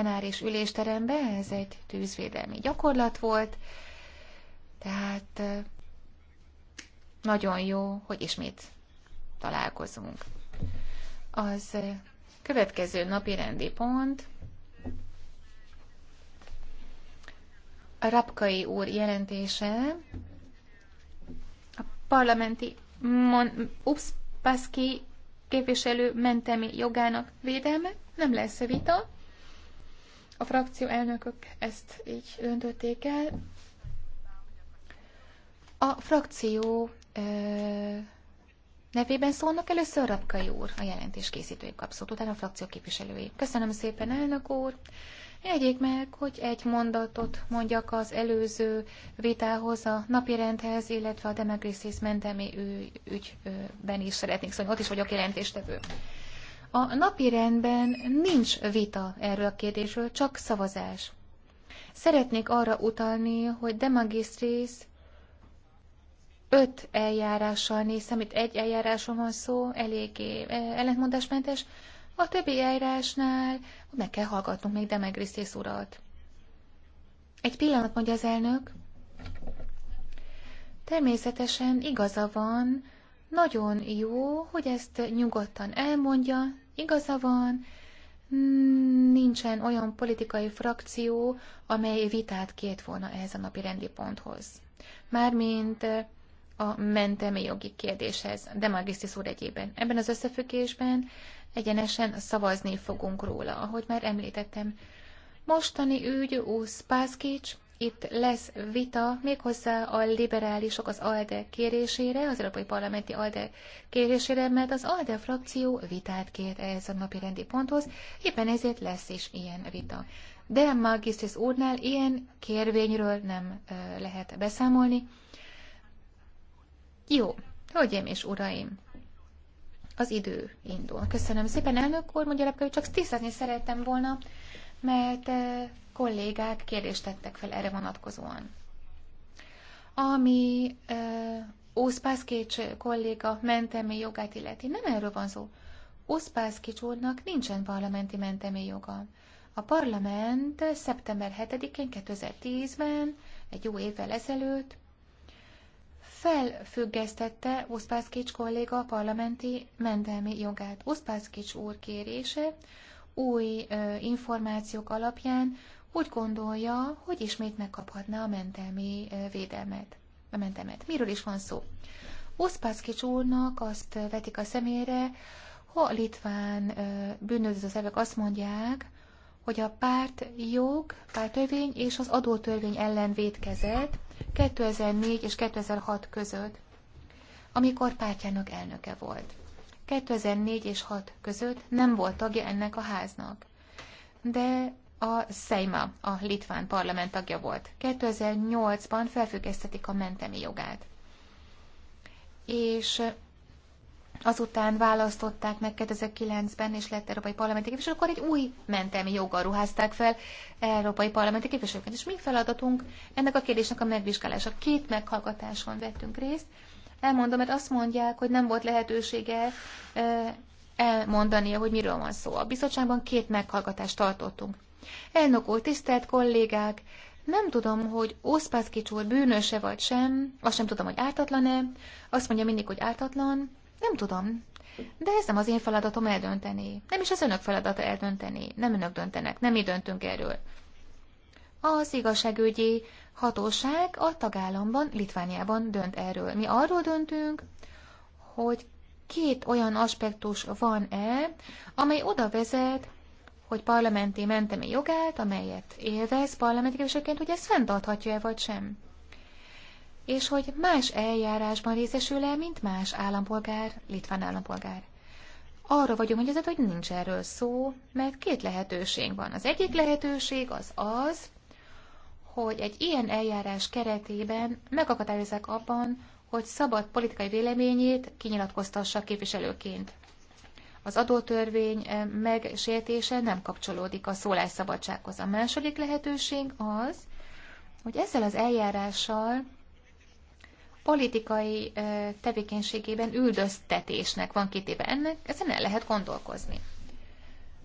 plenáris ülésterembe, ez egy tűzvédelmi gyakorlat volt, tehát nagyon jó, hogy ismét találkozunk. Az következő napi rendi pont a Rapkai úr jelentése a parlamenti Mon- Upspaszki képviselő mentemi jogának védelme, nem lesz vita. A frakció elnökök ezt így döntötték el. A frakció ö, nevében szólnak először Rapkai úr, a jelentés készítői kapszót, utána a frakció képviselői. Köszönöm szépen, elnök úr! Egyék meg, hogy egy mondatot mondjak az előző vitához, a napirendhez, illetve a Demagrisis mentemi ügyben is szeretnék szólni. Ott is vagyok jelentéstevő. A napi rendben nincs vita erről a kérdésről, csak szavazás. Szeretnék arra utalni, hogy de magisztrész öt eljárással néz, amit egy eljáráson van szó, eléggé e, ellentmondásmentes, a többi eljárásnál meg kell hallgatnunk még de magisztrész urat. Egy pillanat, mondja az elnök. Természetesen igaza van, nagyon jó, hogy ezt nyugodtan elmondja, Igaza van, nincsen olyan politikai frakció, amely vitát kért volna ehhez a napi rendi ponthoz. Mármint eh, a mentemi jogi kérdéshez, de Magisztis úr egyében. Ebben az összefüggésben egyenesen szavazni fogunk róla, ahogy már említettem. Mostani ügy Úsz Pászkics itt lesz vita méghozzá a liberálisok az ALDE kérésére, az Európai Parlamenti ALDE kérésére, mert az ALDE frakció vitát kért ehhez a napi rendi ponthoz, éppen ezért lesz is ilyen vita. De Magisztis úrnál ilyen kérvényről nem lehet beszámolni. Jó, hölgyeim és uraim, az idő indul. Köszönöm szépen, elnök úr, mondja hogy csak tisztázni szerettem volna, mert kollégák kérdést tettek fel erre vonatkozóan. Ami Ószpászkécs kolléga mentelmi jogát illeti, nem erről van szó. Ószpászkics úrnak nincsen parlamenti mentelmi joga. A parlament szeptember 7-én 2010-ben, egy jó évvel ezelőtt, felfüggesztette Uszpászkics kolléga parlamenti mentelmi jogát. Uszpászkics úr kérése új információk alapján úgy gondolja, hogy ismét megkaphatná a mentelmi védelmet. A mentelmet. Miről is van szó? Oszpászkics úrnak azt vetik a szemére, ha a litván bűnöző szervek azt mondják, hogy a párt jog, pártörvény és az adótörvény ellen védkezett 2004 és 2006 között, amikor pártjának elnöke volt. 2004 és 6 között nem volt tagja ennek a háznak, de a Szejma, a litván parlament tagja volt. 2008-ban felfüggesztetik a mentemi jogát. És eh, azután választották meg 2009-ben, és lett Európai Parlamenti Képviselő, akkor egy új mentelmi joggal ruházták fel Európai Parlamenti Képviselőket. És mi feladatunk ennek a kérdésnek a megvizsgálása? Két meghallgatáson vettünk részt, elmondom, mert azt mondják, hogy nem volt lehetősége elmondania, hogy miről van szó. A bizottságban két meghallgatást tartottunk. Elnök úr, tisztelt kollégák, nem tudom, hogy Oszpászkics úr bűnöse vagy sem, azt sem tudom, hogy ártatlan-e, azt mondja mindig, hogy ártatlan, nem tudom. De ez nem az én feladatom eldönteni. Nem is az önök feladata eldönteni. Nem önök döntenek, nem mi döntünk erről. Az igazságügyi hatóság a tagállamban, Litvániában dönt erről. Mi arról döntünk, hogy két olyan aspektus van-e, amely oda vezet, hogy parlamenti mentemi jogát, amelyet élvez parlamenti képviselőként, hogy ezt fenntarthatja-e vagy sem. És hogy más eljárásban részesül-e, mint más állampolgár, litván állampolgár. Arra vagyunk hogy hogy nincs erről szó, mert két lehetőség van. Az egyik lehetőség az az, hogy egy ilyen eljárás keretében megakadályozzák abban, hogy szabad politikai véleményét kinyilatkoztassa képviselőként. Az adótörvény eh, megsértése nem kapcsolódik a szólásszabadsághoz. A második lehetőség az, hogy ezzel az eljárással politikai eh, tevékenységében üldöztetésnek van kitéve ennek, ezen el lehet gondolkozni.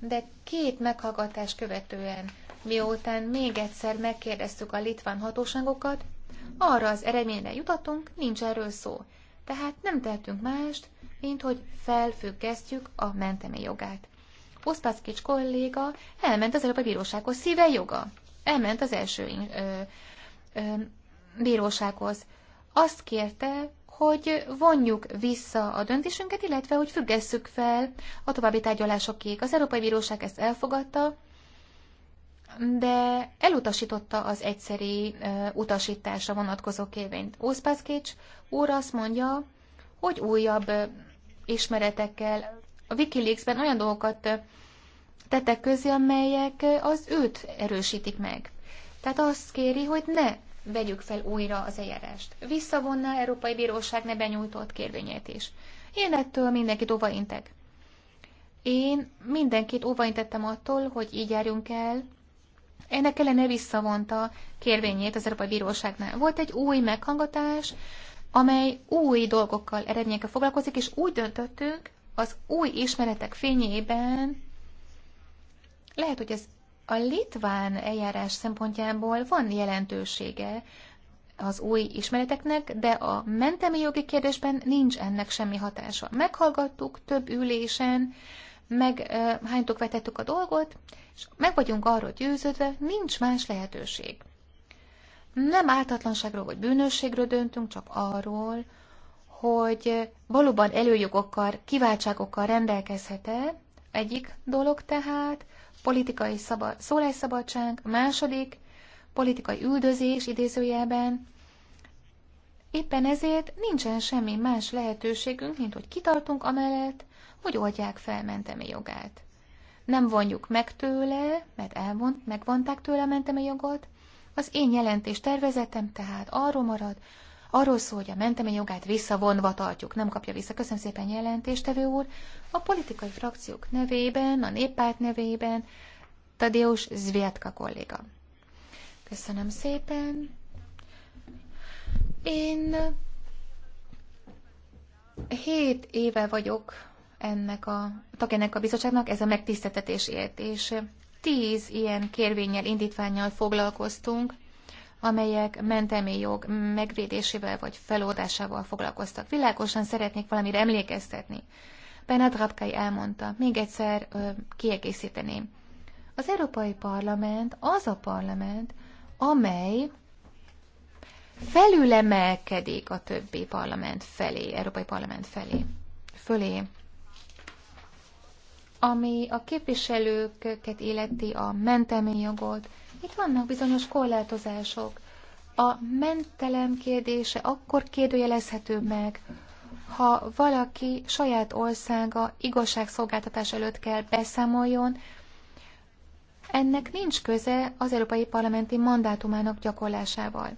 De két meghallgatás követően Miután még egyszer megkérdeztük a litván hatóságokat, arra az eredményre jutottunk, nincs erről szó. Tehát nem tehetünk mást, mint hogy felfüggesztjük a mentemély jogát. Oszpáckics kolléga elment az előbb a bírósághoz, szíve joga. Elment az első ö, ö, bírósághoz. Azt kérte, hogy vonjuk vissza a döntésünket, illetve hogy függesszük fel a további tárgyalásokig. Az Európai Bíróság ezt elfogadta, de elutasította az egyszeri utasításra vonatkozó kérvényt. Ószpászkics úr azt mondja, hogy újabb ismeretekkel a Wikileaksben olyan dolgokat tettek közé, amelyek az őt erősítik meg. Tehát azt kéri, hogy ne vegyük fel újra az eljárást. Visszavonná Európai Bíróság ne benyújtott kérvényét is. Én ettől mindenkit óvaintek. Én mindenkit óvaintettem attól, hogy így járjunk el, ennek ellenére visszavonta kérvényét az Európai Bíróságnál. Volt egy új meghangatás, amely új dolgokkal, eredményekkel foglalkozik, és úgy döntöttünk, az új ismeretek fényében lehet, hogy ez a litván eljárás szempontjából van jelentősége az új ismereteknek, de a mentemi jogi kérdésben nincs ennek semmi hatása. Meghallgattuk több ülésen, meghánytuk, vetettük a dolgot, és meg vagyunk arról győződve, nincs más lehetőség. Nem áltatlanságról vagy bűnösségről döntünk, csak arról, hogy valóban előjogokkal, kiváltságokkal rendelkezhet-e, egyik dolog tehát, politikai szabad, szólásszabadság, második, politikai üldözés idézőjelben. Éppen ezért nincsen semmi más lehetőségünk, mint hogy kitartunk amellett, hogy oldják fel mentemi jogát. Nem vonjuk meg tőle, mert elvont, megvonták tőle a mentemi jogot. Az én jelentés tervezetem tehát arról marad, arról szól, hogy a mentemi jogát visszavonva tartjuk, nem kapja vissza. Köszönöm szépen jelentéstevő úr. A politikai frakciók nevében, a néppárt nevében, Tadeusz Zvietka kolléga. Köszönöm szépen. Én hét éve vagyok ennek a tagjának a bizottságnak, ez a megtiszteltetésért. És tíz ilyen kérvényel, indítványjal foglalkoztunk, amelyek mentelmi jog megvédésével vagy feloldásával foglalkoztak. Világosan szeretnék valamire emlékeztetni. Bernard Rapkai elmondta, még egyszer ö, kiegészíteném. Az Európai Parlament az a parlament, amely felülemelkedik a többi parlament felé, Európai Parlament felé, fölé. Ami a képviselőket illeti a jogot itt vannak bizonyos korlátozások. A mentelem kérdése akkor kérdőjelezhető meg, ha valaki saját országa igazságszolgáltatás előtt kell beszámoljon, ennek nincs köze az Európai Parlamenti mandátumának gyakorlásával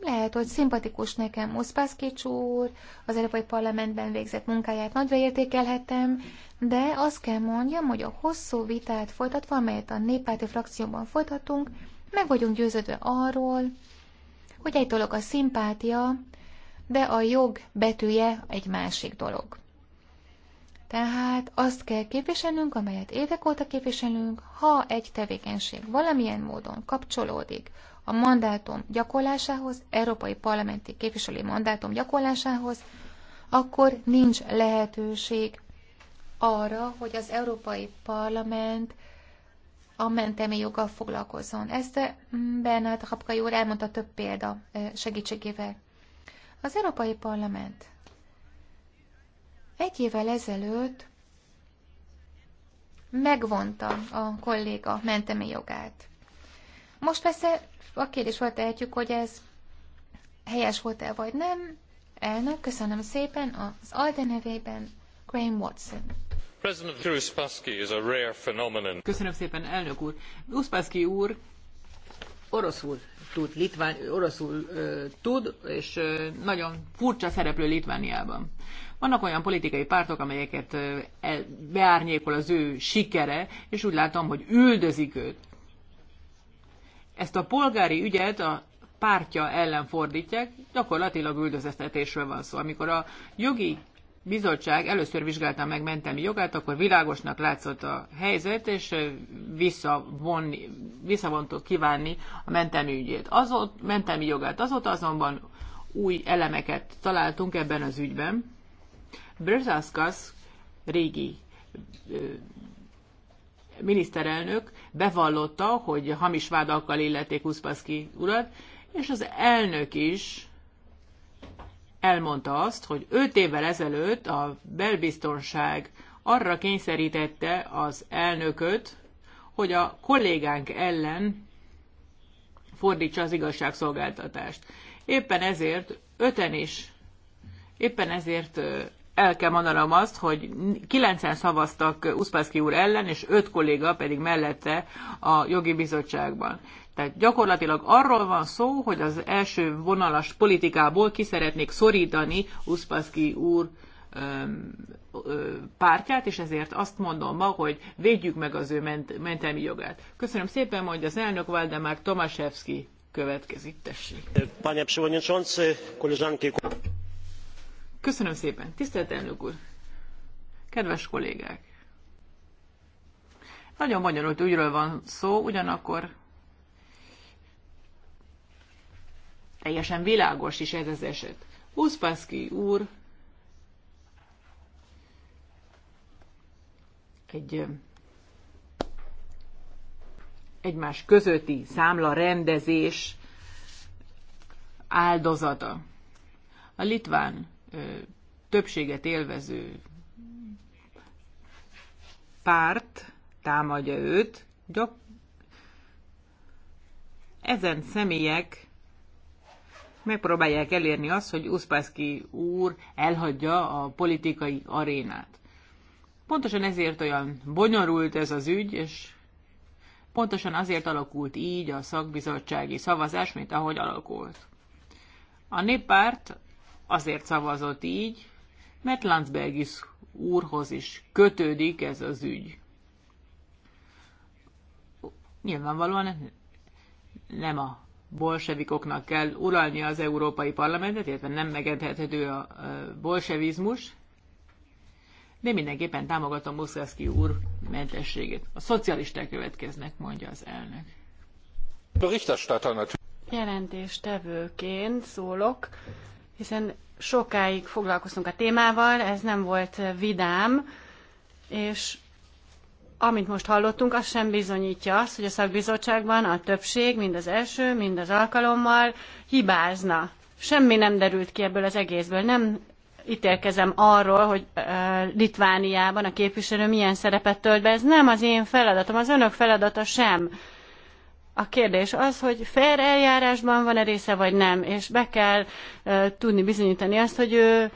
lehet, hogy szimpatikus nekem Oszpászkics úr, az Európai Parlamentben végzett munkáját nagyra értékelhetem, de azt kell mondjam, hogy a hosszú vitát folytatva, amelyet a néppárti frakcióban folytatunk, meg vagyunk győződve arról, hogy egy dolog a szimpátia, de a jog betűje egy másik dolog. Tehát azt kell képviselnünk, amelyet évek óta képviselünk, ha egy tevékenység valamilyen módon kapcsolódik a mandátum gyakorlásához, európai parlamenti képviselői mandátum gyakorlásához, akkor nincs lehetőség arra, hogy az Európai Parlament a mentemi joggal foglalkozzon. Ezt mm, Bernard Rapkai úr elmondta több példa segítségével. Az Európai Parlament egy évvel ezelőtt megvonta a kolléga mentemi jogát. Most persze a kérdés volt tehetjük, hogy ez helyes volt-e vagy nem. Elnök, köszönöm szépen az ALDE nevében, Graham Watson. Köszönöm szépen, elnök úr. Uspaszki úr oroszul tud, litván, oroszul ö, tud, és ö, nagyon furcsa szereplő Litvániában. Vannak olyan politikai pártok, amelyeket ö, el, beárnyékol az ő sikere, és úgy látom, hogy üldözik őt ezt a polgári ügyet a pártja ellen fordítják, gyakorlatilag üldözetetésről van szó. Amikor a jogi bizottság először vizsgálta meg mentelmi jogát, akkor világosnak látszott a helyzet, és visszavonni, visszavontok kívánni a mentelmi ügyét. Azot, mentelmi jogát azóta azonban új elemeket találtunk ebben az ügyben. Brzezaskasz régi ö, miniszterelnök bevallotta, hogy hamis vádakkal illették Uszpaszki urat, és az elnök is elmondta azt, hogy öt évvel ezelőtt a belbiztonság arra kényszerítette az elnököt, hogy a kollégánk ellen fordítsa az igazságszolgáltatást. Éppen ezért öten is, éppen ezért el kell mondanom azt, hogy 90 szavaztak Uszpászki úr ellen, és 5 kolléga pedig mellette a jogi bizottságban. Tehát gyakorlatilag arról van szó, hogy az első vonalas politikából ki szeretnék szorítani Uszpászki úr pártját, és ezért azt mondom ma, hogy védjük meg az ő ment- mentelmi jogát. Köszönöm szépen, hogy az elnök Valdemár Tomaszewski következik, tessék. Panie przewodniczący, koleżanki... Köszönöm szépen. Tisztelt elnök úr! Kedves kollégák! Nagyon bonyolult ügyről van szó, ugyanakkor teljesen világos is ez az eset. Uszpászki úr egy egymás közötti számla rendezés áldozata. A litván többséget élvező párt támadja őt, gyak... ezen személyek megpróbálják elérni azt, hogy Uszpászki úr elhagyja a politikai arénát. Pontosan ezért olyan bonyolult ez az ügy, és pontosan azért alakult így a szakbizottsági szavazás, mint ahogy alakult. A néppárt azért szavazott így, mert Landsbergis úrhoz is kötődik ez az ügy. Nyilvánvalóan nem a bolsevikoknak kell uralni az Európai Parlamentet, illetve nem megedhethető a bolsevizmus, de mindenképpen támogatom Muszkaszki úr mentességét. A szocialisták következnek, mondja az elnök. Jelentéstevőként szólok hiszen sokáig foglalkoztunk a témával, ez nem volt vidám, és amit most hallottunk, az sem bizonyítja azt, hogy a szakbizottságban a többség, mind az első, mind az alkalommal hibázna. Semmi nem derült ki ebből az egészből. Nem ítélkezem arról, hogy uh, Litvániában a képviselő milyen szerepet tölt be. Ez nem az én feladatom, az önök feladata sem a kérdés az, hogy fair eljárásban van-e része, vagy nem, és be kell tudni bizonyítani azt, hogy ő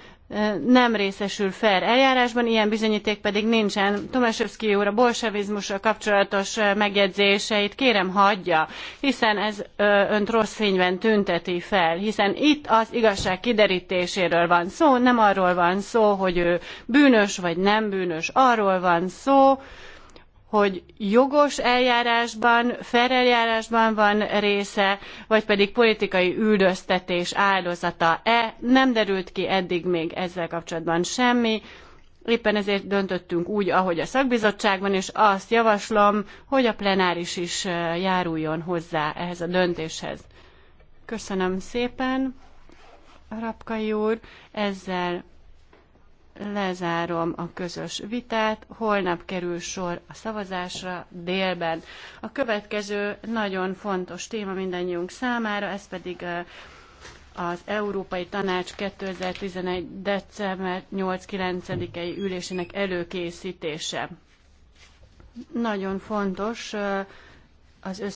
nem részesül fair eljárásban, ilyen bizonyíték pedig nincsen. Tomaszewski úr a bolsevizmussal kapcsolatos megjegyzéseit kérem hagyja, hiszen ez önt rossz fényben tünteti fel, hiszen itt az igazság kiderítéséről van szó, nem arról van szó, hogy ő bűnös vagy nem bűnös, arról van szó, hogy jogos eljárásban, fereljárásban van része, vagy pedig politikai üldöztetés áldozata-e. Nem derült ki eddig még ezzel kapcsolatban semmi. Éppen ezért döntöttünk úgy, ahogy a szakbizottságban, és azt javaslom, hogy a plenáris is járuljon hozzá ehhez a döntéshez. Köszönöm szépen, Rapkai úr. Ezzel lezárom a közös vitát, holnap kerül sor a szavazásra délben. A következő nagyon fontos téma mindannyiunk számára, ez pedig az Európai Tanács 2011. december 8-9-i ülésének előkészítése. Nagyon fontos az össz